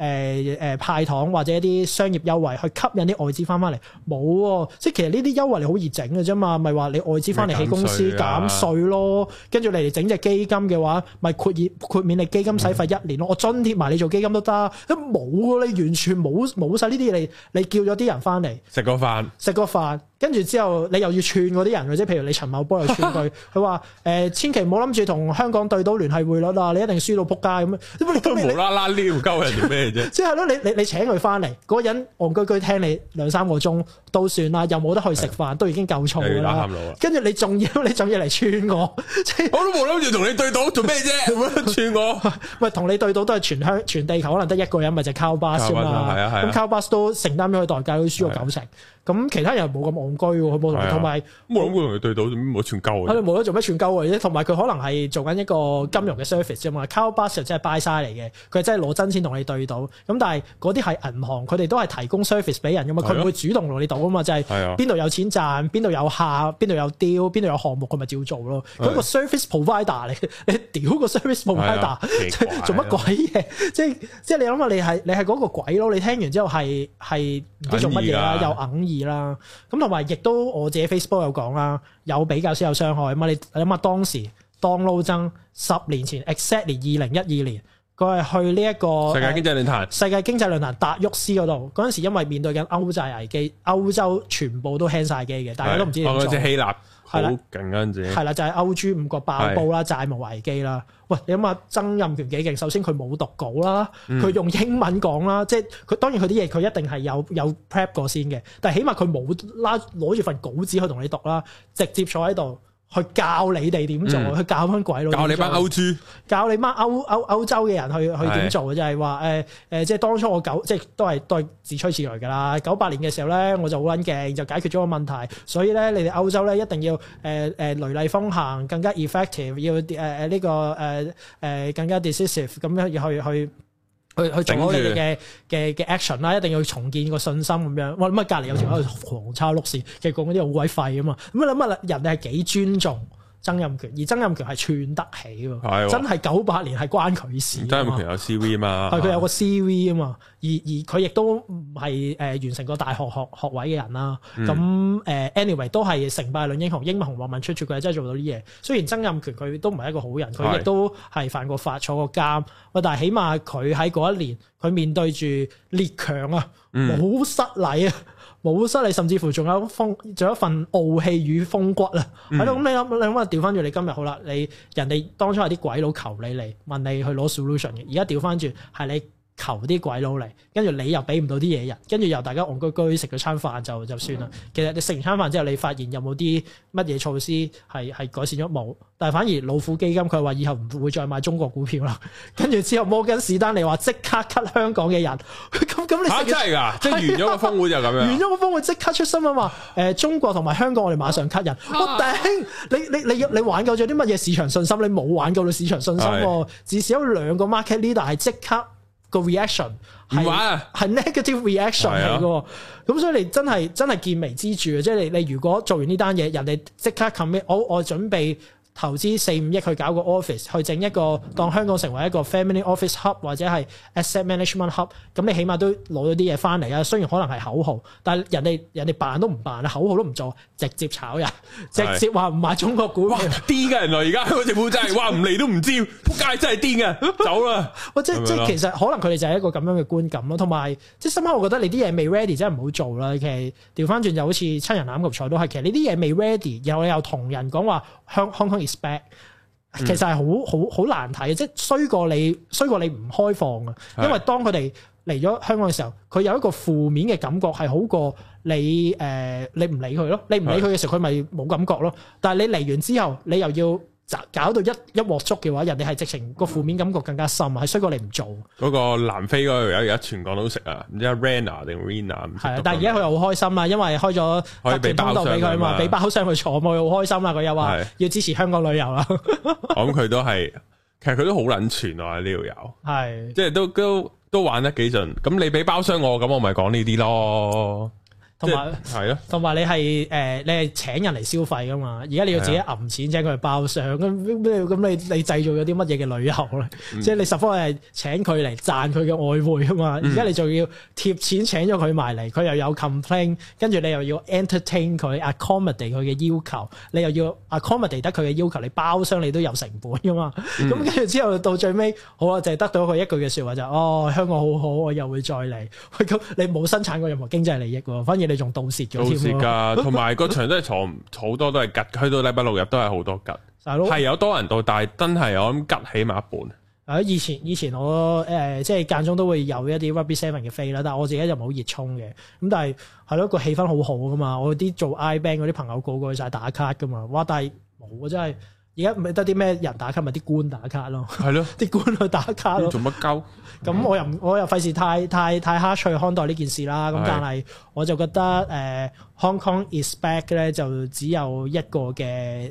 誒誒、呃呃、派糖或者一啲商業優惠去吸引啲外資翻翻嚟，冇喎、啊！即係其實呢啲優惠你好易整嘅啫嘛，咪話你外資翻嚟起公司減稅咯，跟住你嚟整隻基金嘅話，咪豁免豁免你基金使費一年咯，我津貼埋你做基金都得，都冇咯，你完全冇冇曬呢啲嘢，你你叫咗啲人翻嚟食個飯，食個飯。跟住之後，你又要串嗰啲人嘅，即係譬如你陳茂波又串佢，佢話誒千祈唔好諗住同香港對賭聯繫匯率啊！你一定輸到撲街咁。你都無啦啦撩鳩人做咩啫？即係咯，你你你請佢翻嚟嗰個人戇居居聽你兩三個鐘都算啦，又冇得去食飯，嗯、都已經夠錯啦。跟住你仲要你仲要嚟串我，我都冇諗住同你對賭做咩啫？串我，咪同 你對賭都係全香全地球可能得一個人，咪就係、是、Kyle Bass 先啦、嗯。咁 Kyle Bass 都承擔咗佢代價，都輸咗九成。咁其他人冇咁戇居喎，佢冇同，同埋冇諗過同佢對賭冇串鳩。佢冇得做咩串鳩嘅啫。同埋佢可能係做緊一個金融嘅 service 啫嘛。Cow Bus、嗯、 就真係 buy side 嚟嘅，佢真係攞真錢同你對賭。咁但係嗰啲係銀行，佢哋都係提供 service 俾人噶嘛，佢唔會主動同你賭噶嘛。嗯、就係邊度有錢賺，邊度有客，邊度有刁，邊度有項目，佢咪照做咯。佢個 service provider 嚟嘅，你屌個 service provider，做乜鬼嘢？即係即係你諗下，你係你係嗰個鬼咯？你聽完之後係係唔知做乜嘢啦，又硬。二啦，咁同埋亦都我自己 Facebook 有講啦，有比較先有傷害嘛？你諗下當時當勞曾十年前 exactly 二零一二年，佢係去呢、這、一個世界經濟論壇世界經濟論壇達沃斯嗰度，嗰陣時因為面對緊歐債危機，歐洲全部都 hang 晒機嘅，大家都唔知希臘。係啦，好勁啊！係啦，就係、是、歐豬五國爆煲啦，的債務危機啦。喂，你諗下曾蔭權幾勁？首先佢冇讀稿啦，佢用英文講啦，嗯、即係佢當然佢啲嘢佢一定係有有 prep 過先嘅，但係起碼佢冇拉攞住份稿紙去同你讀啦，直接坐喺度。去教你哋點做，去教翻鬼佬。教你班歐豬，教你班歐歐歐洲嘅人去去點做，就係話誒誒，即係當初我九，即係都係都自吹自擂噶啦。九八年嘅時候咧，我就好撚勁，就解決咗個問題。所以咧，你哋歐洲咧一定要誒誒雷厲風行，更加 effective，要啲誒誒呢個誒誒更加 decisive，咁樣要去去。去去整你哋嘅嘅嘅 action 啦，一定要重建個信心咁樣。我諗啊隔離有條友喺度狂抄碌線，其實講嗰啲好鬼廢啊嘛。咁啊諗下啦，人哋係幾尊重曾蔭權，而曾蔭權係串得起喎，真係九八年係關佢事。曾蔭權有 CV 嘛？係佢有個 CV 啊嘛。而而佢亦都唔係誒完成個大學學學位嘅人啦，咁誒 anyway 都係成敗論英雄，英雄莫問出處，佢真係做到啲嘢。雖然曾蔭權佢都唔係一個好人，佢亦都係犯過法、坐過監，但係起碼佢喺嗰一年，佢面對住列強啊，冇失禮啊，冇失禮，甚至乎仲有風，仲有一份傲氣與風骨啊。係咯，咁你諗你諗啊，調翻住你今日好啦，你人哋當初係啲鬼佬求你嚟問你去攞 solution 嘅，而家調翻轉係你。求啲鬼佬嚟，跟住你又俾唔到啲嘢人，跟住又大家戇居居食咗餐飯就就算啦。其實你食完餐飯之後，你發現有冇啲乜嘢措施係係改善咗冇？但係反而老虎基金佢話以後唔會再買中國股票啦。跟 住之後摩根士丹利話即刻 cut 香港嘅人，咁咁、 啊啊啊啊、你吓真係噶？即係完咗個峰會就咁樣，完咗個峰會即刻出新聞話誒，中國同埋香港我哋馬上 cut 人。我頂你你你你挽救咗啲乜嘢市場信心？你冇挽救到市場信心，啊，至少的有兩個 market leader 係即刻。個 reaction 係係 negative reaction 嚟嘅，咁所以你真係真係見微知著啊！即係你你如果做完呢單嘢，人哋即刻 commit，我、oh, 我準備。投資四五億去搞個 office，去整一個，一個當香港成為一個 family office hub 或者係 asset management hub，咁你起碼都攞咗啲嘢翻嚟啊！雖然可能係口號，但係人哋人哋扮都唔扮啊，口號都唔做，直接炒人，直接話唔買中國股，癲嘅人我來而家嗰隻股真係話唔嚟都唔知，仆街真係癲嘅，走啦！即即其實可能佢哋就係一個咁樣嘅觀感咯。同埋即深刻，我覺得你啲嘢未 ready，真係唔好做啦。其實調翻轉就好似七人欖球賽都係，其實你啲嘢未 ready，又又同人講話香其實係好好好難睇，即係衰過你衰過你唔開放啊！因為當佢哋嚟咗香港嘅時候，佢有一個負面嘅感覺，係好過你誒、呃、你唔理佢咯，你唔理佢嘅時候，佢咪冇感覺咯。但係你嚟完之後，你又要。搞到一一鍋粥嘅話，人哋係直情個負面感覺更加深，係衰過你唔做。嗰個南非嗰度有而家全港都食啊，唔知阿 Rana 定 Rina 啊？係啊，但係而家佢又好開心啊，因為開咗特別通道俾佢啊嘛，俾包廂佢坐，佢好開心啊。佢又話要支持香港旅遊啊。咁佢都係，其實佢都好撚串啊，呢度有。係的，即係都都都玩得幾盡。咁你俾包廂我，咁我咪講呢啲咯。同埋係咯，同埋你係誒、呃，你係請人嚟消費噶嘛？而家你要自己揞錢請佢去包廂。咁咁你你製造咗啲乜嘢嘅旅遊咧？嗯、即係你十方係請佢嚟賺佢嘅外匯啊嘛？而家、嗯、你仲要貼錢請咗佢埋嚟，佢又有 complain，跟住你又要 entertain 佢、accommodate 佢嘅要求，你又要 accommodate 得佢嘅要求，你包廂你都有成本噶嘛？咁跟住之後到最尾，好啊，就係、是、得到佢一句嘅説話就係、是：哦，香港好好，我又會再嚟。喂、嗯，咁你冇生產過任何經濟利益喎，反而。你仲倒蝕咗添？同埋個場都係坐好多， 都係吉。去到禮拜六日都係好多吉。係有多人到，但係真係我咁吉起碼一半。啊， 以前以前我誒、呃、即係間中都會有一啲 Rugby Seven 嘅飛啦，但係我自己就唔係好熱衷嘅。咁但係係咯，個氣氛好好㗎嘛。我啲做 IBank 嗰啲朋友個個去晒打卡㗎嘛。哇！但係冇啊，真係。而家唔係得啲咩人打卡，咪、就、啲、是、官打卡咯。係咯的，啲 官去打卡咯。做乜鳩？咁 我又我又費事太太太黑趣看待呢件事啦。咁的但係我就覺得誒、呃、Hong Kong is back 咧就只有一個嘅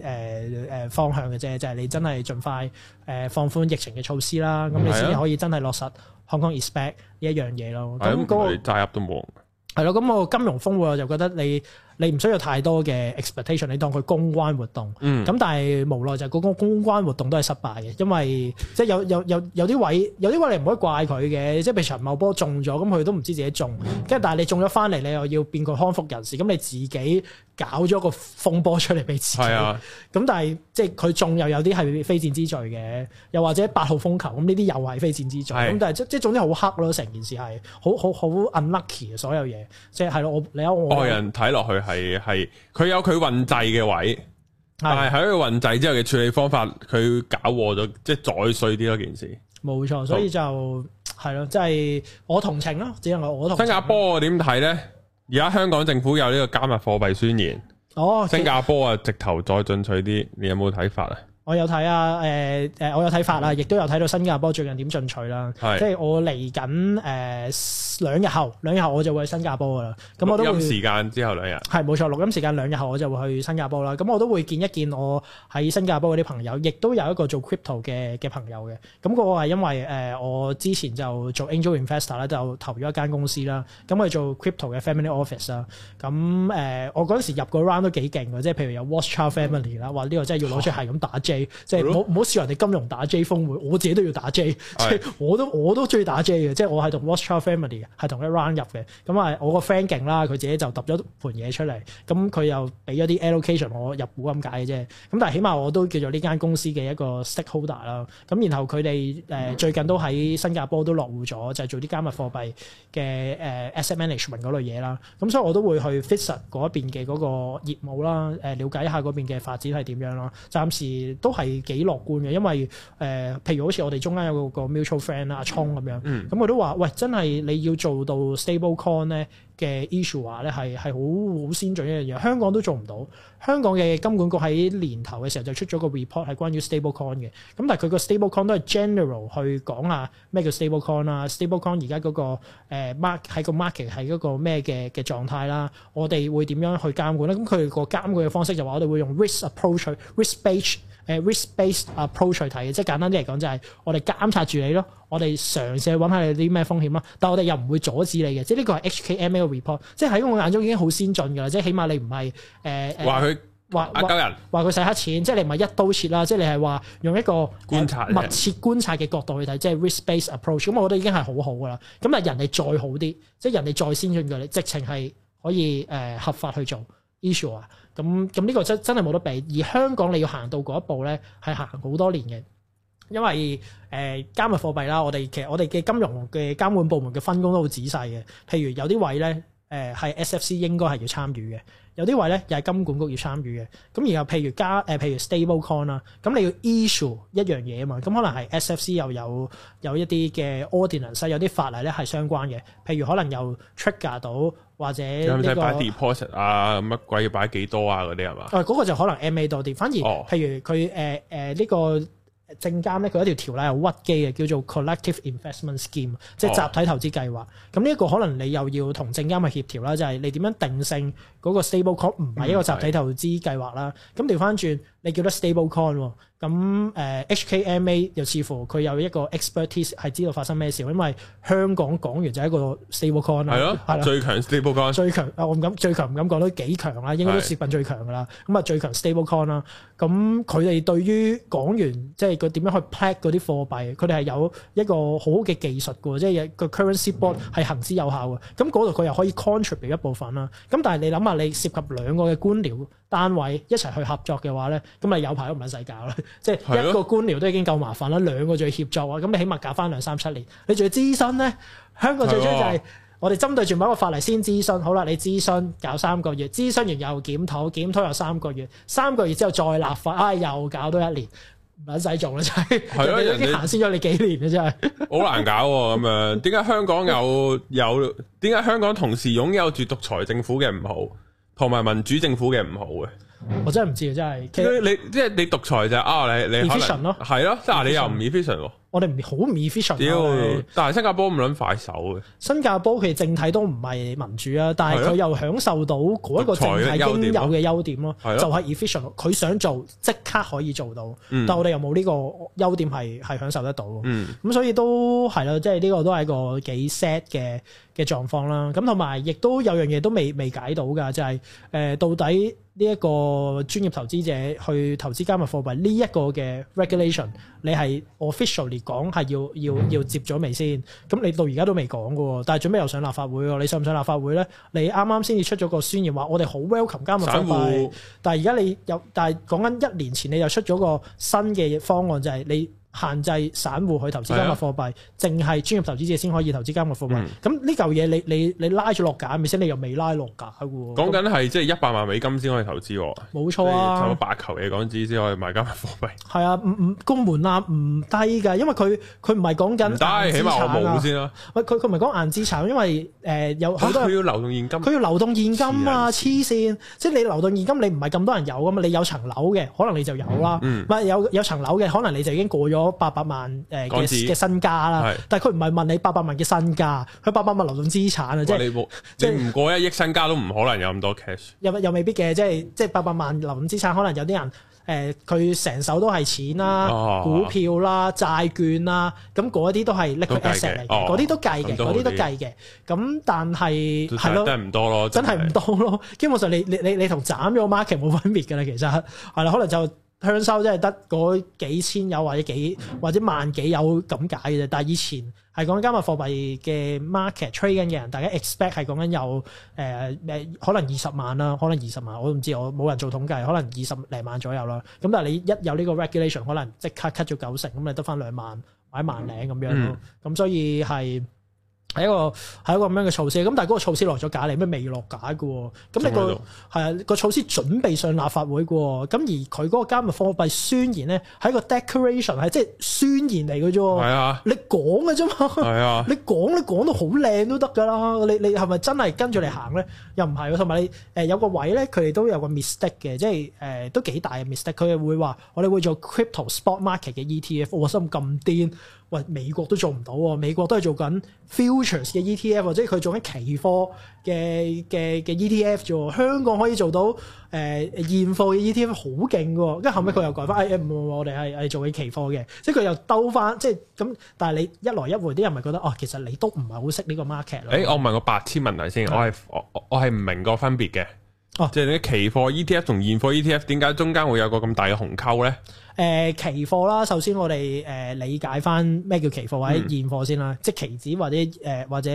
誒誒方向嘅啫，就係、是、你真係盡快誒放寬疫情嘅措施啦。咁的你先至可以真係落實 Hong Kong is back 呢一樣嘢咯。咁嗰的、那個揸入都冇。係咯、嗯，咁我、那個、金融峰會我就覺得你。你唔需要太多嘅 expectation，你當佢公關活動，咁、嗯、但係無奈就係個公關活動都係失敗嘅，因為即係有有有有啲位有啲位你唔可以怪佢嘅，即係被陳茂波中咗，咁佢都唔知自己中，跟住但係你中咗翻嚟，你又要變個康復人士，咁你自己搞咗個風波出嚟俾自己，咁、嗯、但係即係佢中又有啲係非戰之罪嘅，又或者八號風球，咁呢啲又係非戰之罪，咁是但係即係總之好黑咯，成件事係好好好 unlucky 嘅所有嘢，即係係咯，我你我外人睇落去。係係，佢有佢運滯嘅位，但係喺佢運滯之後嘅處理方法，佢搞和咗，即係再衰啲咯。件事冇錯，所以就係咯，即係我同情咯，只能、就係、我同情。新加坡我點睇呢？而家香港政府有呢個加密貨幣宣言，哦，新加坡啊，直頭再進取啲，你有冇睇法啊？我有睇啊，誒、呃、誒我有睇法啊，亦都有睇到新加坡最近點進取啦。是即係我嚟緊誒兩日後兩日後我就會去新加坡噶啦。咁我都錄音時間之後兩日係冇錯，錄音時間兩日後我就會去新加坡啦。咁我都會見一見我喺新加坡啲朋友，亦都有一個做 crypto 嘅嘅朋友嘅。咁、那個係因為誒、呃、我之前就做 angel investor 咧，就投咗一間公司啦。咁去做 crypto 嘅 family office 啦。咁、呃、誒我陣時入個 round 都幾勁嘅，即係譬如有 Rothschild Family 啦，話呢個真係要攞出係咁打 J。 即係唔好唔好笑人哋金融打 J 峰會，我自己都要打 J，即係的、就是、我都我都中意打 J 嘅，即係、就是、我係同 Watchtower Family 係同一 round 入嘅，咁啊我個 friend 勁啦，佢自己就揼咗盤嘢出嚟，咁佢又俾咗啲 allocation 我入股咁解嘅啫，咁但係起碼我都叫做呢間公司嘅一個 stakeholder 啦，咁然後佢哋誒最近都喺新加坡都落戶咗，就係做啲加密貨幣嘅誒 asset management 嗰類嘢啦，咁所以我都會去 Fisher 嗰邊嘅嗰個業務啦，誒了解一下嗰邊嘅發展係點樣咯，暫時都。都係幾樂觀嘅，因為誒、呃，譬如好似我哋中間有個，個 mutual friend 啦、嗯，阿聰咁樣，咁佢、嗯、都話，喂，真係你要做到 stable coin 咧嘅 issue 話咧，係係好好先進一樣嘢，香港都做唔到。香港嘅金管局喺年頭嘅時候就出咗個 report 係關於 stable coin 嘅，咁但係佢個 stable coin 都係 general 去講啊咩叫 stable coin 啊 St、那個。stable coin 而家嗰個 mark 喺個 market 係嗰個咩嘅嘅狀態啦，我哋會點樣去監管咧？咁佢個監管嘅方式就話我哋會用 risk approach，risk based。誒 risk-based approach 去睇嘅，即係簡單啲嚟講就係我哋監察住你咯，我哋嘗試去揾下你啲咩風險咯，但係我哋又唔會阻止你嘅，即係呢個係 HKMA report，即係喺我眼中已經好先進噶啦，即係起碼你唔係誒話佢話阿鳩人話佢洗黑錢，啊、即係你唔係一刀切啦，即係你係話用一個觀察、啊、密切觀察嘅角度去睇，即係 risk-based approach，咁我覺得已經係好好噶啦。咁啊，人哋再好啲，即係人哋再先進嘅，你直情係可以誒、呃、合法去做。issue 啊，咁咁呢個真真係冇得比，而香港你要行到嗰一步咧，係行好多年嘅，因為誒、呃、加密貨幣啦，我哋其實我哋嘅金融嘅監管部門嘅分工都好仔細嘅，譬如有啲位咧誒係、呃、SFC 應該係要參與嘅，有啲位咧又係金管局要參與嘅，咁然後譬如加誒、呃、譬如 stable coin 啦，咁你要 issue 一樣嘢啊嘛，咁可能係 SFC 又有有一啲嘅 ordinance，有啲法例咧係相關嘅，譬如可能又 trigger 到。或者呢、這、deposit、個、啊，乜鬼要擺幾多啊？啲係嘛？誒，嗰個就可能 MA 多啲，反而譬如佢誒誒呢個證監咧，佢一條條例有屈機嘅，叫做 collective investment scheme，即係集體投資計劃。咁呢一個可能你又要同證監去協調啦，就係、是、你點樣定性嗰個 stable coin 唔係一個集體投資計劃啦。咁調翻轉，你叫得 stable coin。咁誒、呃、HKMA 又似乎佢有一個 expertise 係知道發生咩事，因為香港港元就係一個 stablecoin 啦的。係啊的，係啦，最強 stablecoin。最強啊，我唔敢，最強唔敢講都幾強啦，應該都接近最強㗎啦。咁啊的，最強 stablecoin 啦。咁佢哋對於港元即係佢點樣去 pack 嗰啲貨幣，佢哋係有一個好好嘅技術嘅，即、就、係、是、個 currency board 係行之有效嘅。咁嗰度佢又可以 contribute 一部分啦。咁但係你諗下，你涉及兩個嘅官僚，單位一齊去合作嘅話呢，咁咪有排都唔使搞啦，即係一個官僚都已經夠麻煩啦，兩個仲要協作啊，咁你起碼搞翻兩三七年，你仲要諮詢呢？香港最主要就係我哋針對住某一個法例先諮詢，好啦，你諮詢搞三個月，諮詢完又檢討，檢討又三個月，三個月之後再立法，唉、哎，又搞多一年，唔使做啦真係，了人已經行先咗你幾年家 啊，真係。好難搞咁樣，點解香港有有？點解香港同時擁有住獨裁政府嘅唔好，同埋民主政府嘅唔好嘅，我真係唔知，真係。佢你即係你獨裁就係、是、啊，你你可能係咯，即係你又唔 efficient 我哋唔好唔 efficient 去，但係新加坡唔撚快手嘅。新加坡其實政體都唔係民主啊，但係佢又享受到嗰一個政體已有嘅優點咯，的就係 efficient。佢想做，即刻可以做到，的但我哋又冇呢個優點係係享受得到。咁的所以都係咯，即係呢個都係一個幾 sad 嘅嘅狀況啦。咁同埋亦都有樣嘢都未未解到㗎，就係、是、誒、呃、到底呢一個專業投資者去投資加密貨幣呢一個嘅 regulation。你係 officially 講係要要要接咗未先？咁、嗯、你到而家都未講嘅喎，但係準備又上立法會喎。你上唔上立法會咧？你啱啱先至出咗個宣言話我哋好 welcome 加密貨幣，但係而家你又但係講緊一年前你又出咗個新嘅方案，就係、是、你。限制散戶去投資加密貨幣，淨係是、啊、專業投資者先可以投資加密貨幣。咁呢嚿嘢你你你，你拉咗落架咪先？你又未拉落架嘅喎。講緊係即係一百萬美金先可以投資。冇錯啊，差唔多八球嘢港紙先可以買加密貨幣。係啊，唔唔，門檻唔低㗎，因為佢佢唔係講緊。唔低，起碼我冇先啦、啊。喂，佢佢唔係講硬資產，因為誒、呃、有好多。佢、啊、要流動現金，佢要流動現金啊！黐線，即係你流動現金，你唔係咁多人有㗎嘛，你有層樓嘅，可能你就有啦。唔係、嗯嗯、有有層樓嘅，可能你就已經過咗。八百萬誒嘅嘅身家啦，但係佢唔係問你八百萬嘅身家，佢八百萬流動資產啊，即係你冇，即係唔過一億身家都唔可能有咁多 cash。又又未必嘅，即係即係八百萬流動資產，可能有啲人誒，佢成手都係錢啦、股票啦、債券啦，咁嗰啲都係 liquid asset 嚟，嗰啲都計嘅，嗰啲都計嘅。咁但係係咯，真係唔多咯，真係唔多咯。基本上你你你你同斬咗個 market 冇分別噶啦，其實係啦，可能就。香收真係得嗰幾千有，或者幾或者萬幾有咁解嘅啫。但係以前係講加密貨幣嘅 market trade 緊嘅人，大家 expect 係講緊有誒誒可能二十萬啦，可能二十萬,萬，我都唔知，我冇人做統計，可能二十零萬左右啦。咁但係你一有呢個 regulation，可能即刻 cut 咗九成，咁你得翻兩萬或者萬零咁樣咯。咁所以係。係一個係一個咁樣嘅措施，咁但係嗰個措施落咗假你咩未落假嘅？咁你個係啊個措施準備上立法會嘅，咁而佢嗰個加密貨幣宣言咧，係一個 declaration，係即係宣言嚟嘅啫。係啊，你講嘅啫嘛。係啊，你講你講到好靚都得噶啦。你你係咪真係跟住、嗯、你行咧？又唔係？同埋你誒有個位咧，佢哋都有個 mistake 嘅，即係誒、呃、都幾大嘅 mistake。佢哋會話我哋會做 Crypto Spot Market 嘅 ETF，我心咁癲。喂，美國都做唔到喎，美國都係做緊 futures 嘅 ETF，或者佢做緊期貨嘅嘅嘅 ETF 啫喎。香港可以做到誒、呃、現貨嘅 ETF 好勁喎。跟住後尾佢又改翻，誒、哎、我哋係係做緊期貨嘅，即係佢又兜翻，即係咁。但係你一來一回，啲人咪覺得哦，其實你都唔係好識呢個 market 咯。誒、欸，我問個白痴問題先，是我係我我係唔明個分別嘅，哦、啊，即係啲期貨 ETF 同現貨 ETF 點解中間會有個咁大嘅鴻溝咧？誒、呃、期貨啦，首先我哋誒、呃、理解翻咩叫期貨或者現貨先啦，嗯、即期指或者誒、呃、或者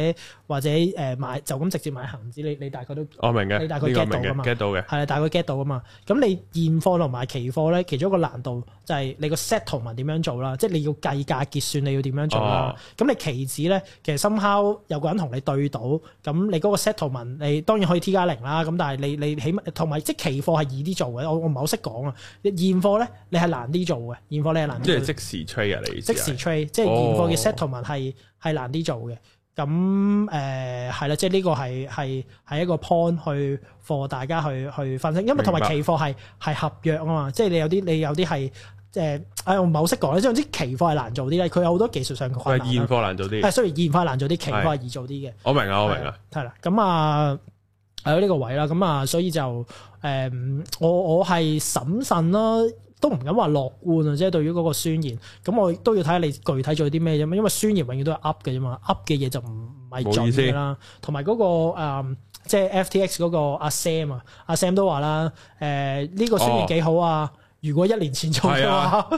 或者誒買就咁直接買恆指，你你大概都我明嘅，你大概 get 到㗎嘛 get 到嘅，係啊，大概 get 到噶嘛。咁、嗯、你現貨同埋期貨咧，其中一個難度就係你個 settlement 點樣做啦，即你要計價結算你要點樣做啦。咁、哦、你期指咧，其實 somehow 有個人同你對賭，咁你嗰個 settlement 你，你當然可以 T 加零啦。咁但係你你，你起碼同埋即期貨係易啲做嘅，我我唔係好識講啊。現貨咧你係難。難啲做嘅現貨咧係難，即係即時吹啊即時吹，即係現貨嘅 settlement 係係難啲做嘅。咁誒係啦，即係呢個係係係一個 point 去貨大家去去分析，因為同埋期貨係係合約啊嘛，即係你有啲你有啲係誒，我唔係好識講咧，總之期貨係難做啲咧，佢有好多技術上困難。係現貨難做啲，誒雖然現貨難做啲，期貨係易做啲嘅。我明啊，我明啊，係啦，咁啊喺呢個位啦，咁啊，所以就誒、啊啊啊、我我係審慎咯。都唔敢話樂觀啊！即係對於嗰個宣言，咁我都要睇下你具體做啲咩啫嘛？因為宣言永遠都係 Up 嘅啫嘛，Up 嘅嘢就唔唔係做嘅啦。同埋嗰個、嗯、即係 FTX 嗰個阿 Sam 啊，阿 Sam 都話啦，誒、呃、呢、呢個宣言幾好啊！哦、如果一年前做嘅話，啊、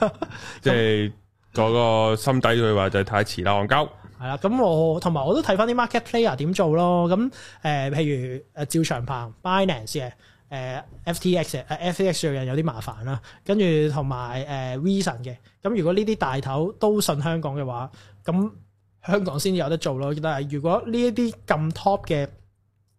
哦，即係嗰個心底佢話就太遲啦，戇鳩。係啦，咁我同埋我都睇翻啲 market player 點做咯。咁誒，譬、呃、如誒趙長鵬、Binance 嘅。Binance 誒 FTX 啊，FTX 嘅人有啲麻煩啦，跟住同埋誒 Reason 嘅，咁如果呢啲大頭都信香港嘅話，咁香港先有得做咯。但係如果呢一啲咁 top 嘅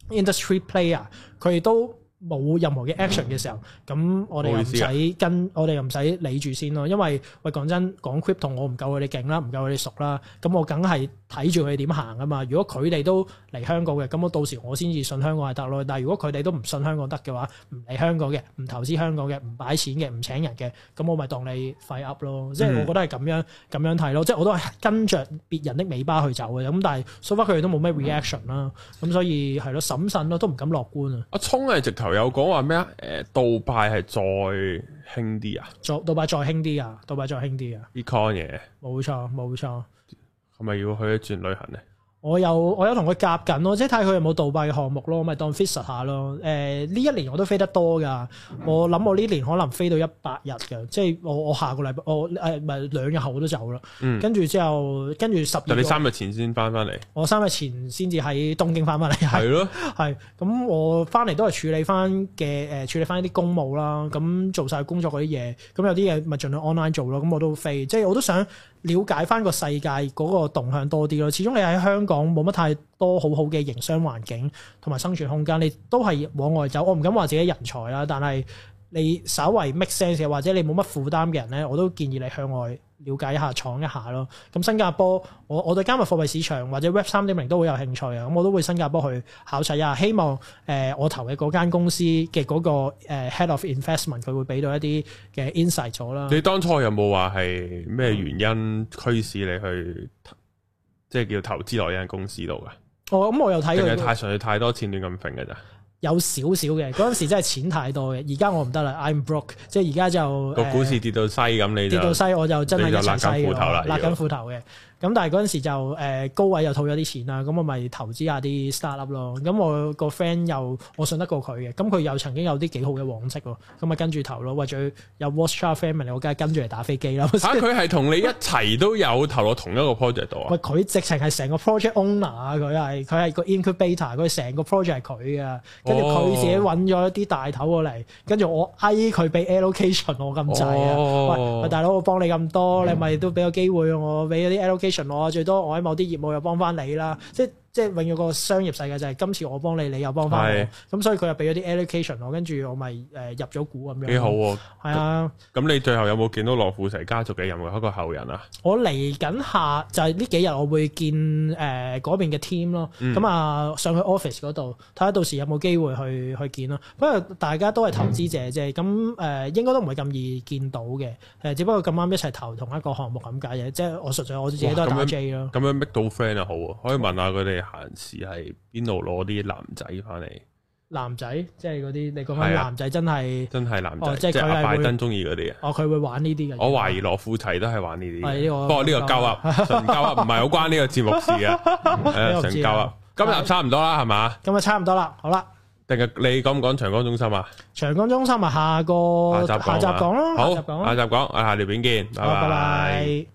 industry player，佢哋都冇任何嘅 action 嘅時候，咁我哋唔使跟，我哋又唔使理住先咯。因為喂講真，講 crypt 同我唔夠佢哋勁啦，唔夠佢哋熟啦，咁我梗係。睇住佢點行啊嘛！如果佢哋都嚟香港嘅，咁我到時我先至信香港係得咯。但係如果佢哋都唔信香港得嘅話，唔嚟香港嘅，唔投資香港嘅，唔擺錢嘅，唔請人嘅，咁我咪當你廢 Up 咯。即係我覺得係咁樣咁樣睇咯。即係我都係跟著別人的尾巴去走嘅。咁但係 so far 佢哋都冇咩 reaction 啦。咁、嗯、所以係咯，審慎咯，都唔敢樂觀啊。阿聰係直頭有講話咩啊？誒，杜拜係再輕啲啊？再杜拜再輕啲啊？杜拜再輕啲啊 Econ 嘢冇錯，冇錯。係咪要去一轉旅行咧？我有我有同佢夾緊咯，即係睇佢有冇倒幣嘅項目咯，咪當飛實下咯。誒、呃，呢一年我都飛得多噶，我諗我呢年可能飛到一百日嘅，即係我我下個禮拜我誒唔係兩日後我都走啦。跟住，嗯、之後跟住十日。你三日前先翻翻嚟，我三日前先至喺東京翻翻嚟。係咯，係咁的，我翻嚟都係處理翻嘅，誒、呃、處理翻啲公務啦。咁做晒工作嗰啲嘢，咁有啲嘢咪盡量 online 做咯。咁我都飛，即係我都想。了解翻個世界嗰個動向多啲咯，始終你喺香港冇乜太多好好嘅營商環境同埋生存空間，你都係往外走。我唔敢話自己人才啦，但係。你稍為 make sense 或者你冇乜負擔嘅人咧，我都建議你向外了解一下、闖一下咯。咁新加坡，我我對加密貨幣市場或者 Web 三點零都好有興趣啊。咁我都會新加坡去考察一下，希望誒、呃、我投嘅嗰間公司嘅嗰、嗰個、呃、head of investment 佢會俾到一啲嘅 insight 咗啦。你當初有冇話係咩原因驅使你去、嗯、即係叫投資落呢間公司度啊、哦嗯？我咁我又睇嘅。太上去太多錢亂咁嘅咋。有少少嘅，嗰陣時真係錢太多嘅，而家我唔得啦，I'm broke，即係而家就個股市跌到西咁，你跌到西我就真係要勒褲頭啦，勒緊褲頭嘅。咁但係陣時就誒高位又套咗啲錢啦，咁我咪投資下啲 startup 咯。咁我個 friend 又我信得過佢嘅，咁佢又曾經有啲幾好嘅往績喎，咁啊跟住投咯。或者有 Wall Street friend 嚟我梗係跟住嚟打飛機啦。嚇、啊！佢係同你一齊都有投落同一個 project 度啊？喂，佢直情係成個 project owner 啊！佢係佢係個 incubator，佢成個 project 係佢嘅，跟住佢自己揾咗啲大頭過嚟，跟住我嗌佢俾 allocation 我咁滯啊！喂，大佬我幫你咁多，你咪都俾個機會我俾啲 allocation。我最多我喺某啲業務又幫翻你啦，即係。即係用咗個商業世界就係今次我幫你，你又幫翻我，咁的、嗯、所以佢又俾咗啲 allocation 我，跟住我咪誒入咗股咁樣。幾好喎！係啊，咁、啊、你最後有冇見到羅富齊家族嘅任何一個後人啊？我嚟緊下，下就係、是、呢幾日，我會見誒嗰、呃、邊嘅 team 咯。咁、嗯、啊，上去 office 嗰度睇下到時有冇機會去去見咯。不過大家都係投資者啫，咁誒、嗯呃、應該都唔係咁易見到嘅。誒、呃、只不過咁啱一齊投同一個項目咁解嘅，即係我純粹我自己都打 J 咯。咁樣 make 到 friend 啊，好喎、啊，可以問下佢哋。啊。閒時係邊度攞啲男仔翻嚟？男仔，即係嗰啲，你講緊男仔真係真係男仔，即係拜登中意嗰啲啊！哦，佢會玩呢啲嘅。我懷疑羅富齊都係玩呢啲，不過呢個夠啊，夠啊，唔係好關呢個節目事啊。夠啊，今日差唔多啦，係嘛？咁啊，差唔多啦，好啦。定係你講唔講長江中心啊？長江中心啊，下個下集講咯，下集講，下集講，啊，下條片見，拜拜。